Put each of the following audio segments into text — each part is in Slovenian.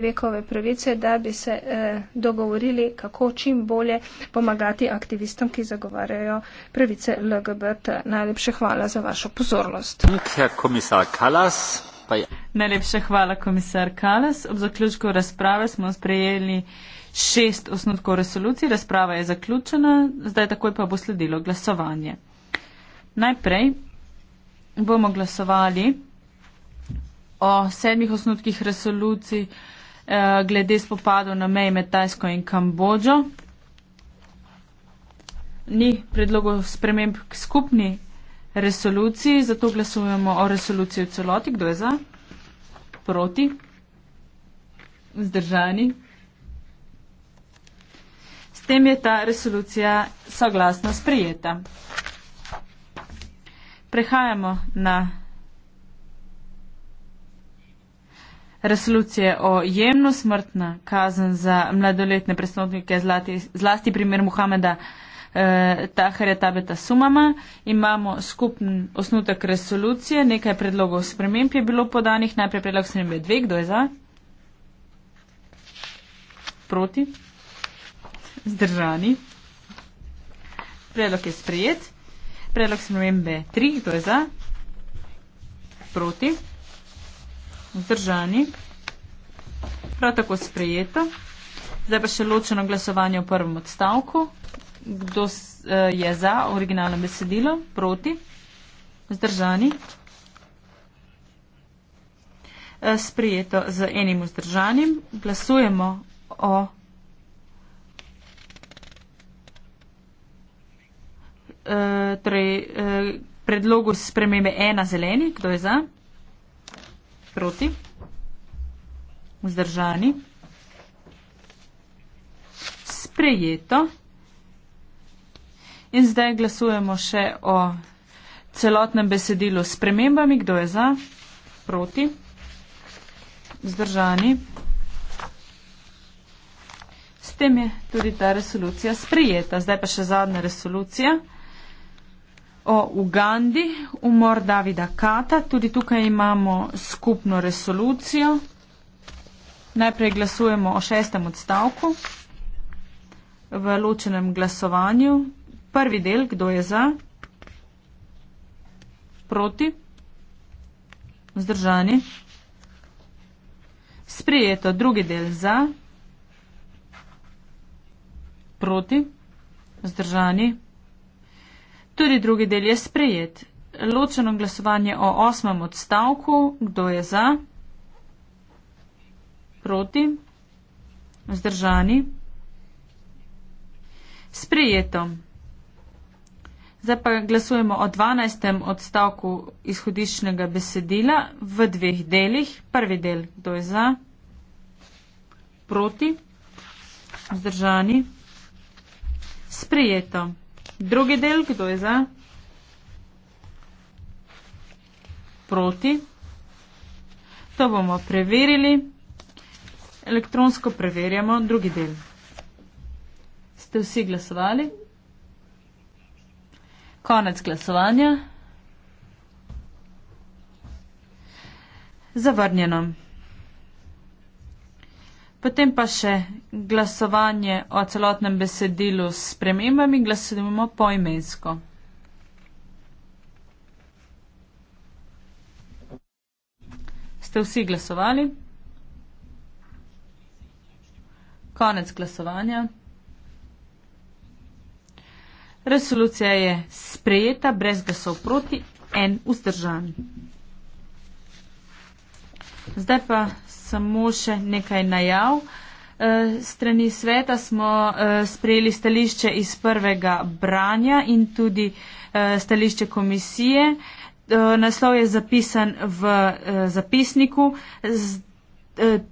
človekove pravice, da bi se eh, dogovorili, kako čim bolje pomagati aktivistom, ki zagovarjajo pravice LGBT. Najlepše hvala za vašo pozornost. Najlepše hvala, komisar Kalas. Ob zaključku razprave smo sprejeli šest osnutkov resolucij. Razprava je zaključena, zdaj takoj pa bo sledilo glasovanje. Najprej bomo glasovali o sedmih osnutkih resolucij, Eh, glede spopadov na meji med Tajsko in Kambodžo. Ni predlogov sprememb k skupni resoluciji, zato glasujemo o resoluciji v celoti. Kdo je za? Proti? Zdržani? S tem je ta resolucija soglasno sprijeta. Prehajamo na. resolucije o jemnu smrtna kazen za mladoletne presnotnike zlati, zlasti primer Muhameda eh, Tahere Tabeta Sumama. Imamo skupen osnutek resolucije, nekaj predlogov sprememb je bilo podanih, najprej predlog sprememb dve, kdo je za? Proti? Zdržani? Predlog je sprejet. Predlog spremembe tri, kdo je za? Proti? Vzdržani. Prav tako sprejeto. Zdaj pa še ločeno glasovanje v prvem odstavku. Kdo eh, je za originalno besedilo? Proti. Vzdržani. Eh, sprejeto z enim vzdržanim. Glasujemo o eh, torej, predlogu spremembe ena zeleni. Kdo je za? proti? Vzdržani? Sprejeto. In zdaj glasujemo še o celotnem besedilu s premembami. Kdo je za? Proti? Vzdržani? S tem je tudi ta resolucija sprejeta. Zdaj pa še zadnja resolucija o Ugandi, umor Davida Kata. Tudi tukaj imamo skupno resolucijo. Najprej glasujemo o šestem odstavku v ločenem glasovanju. Prvi del, kdo je za, proti, vzdržani. Sprijeto drugi del za, proti, vzdržani. Tudi drugi del je sprejet. Ločeno glasovanje o osmem odstavku. Kdo je za? Proti? Vzdržani? Sprejeto. Zdaj pa glasujemo o 12. odstavku izhodiščnega besedila v dveh delih. Prvi del, kdo je za, proti, vzdržani, sprejeto. Drugi del, kdo je za? Proti. To bomo preverili. Elektronsko preverjamo drugi del. Ste vsi glasovali? Konec glasovanja. Zavrnjeno. Potem pa še glasovanje o celotnem besedilu s premembami, glasujemo poimensko. Ste vsi glasovali? Konec glasovanja. Resolucija je sprejeta brez glasov proti en vzdržan. Zdaj pa samo še nekaj najav. Eh, strani sveta smo eh, sprejeli stališče iz prvega branja in tudi eh, stališče komisije. Naslov je zapisan v zapisniku.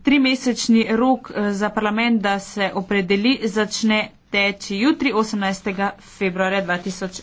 Trimesečni rok za parlament, da se opredeli, začne teči jutri 18. februarja 2020.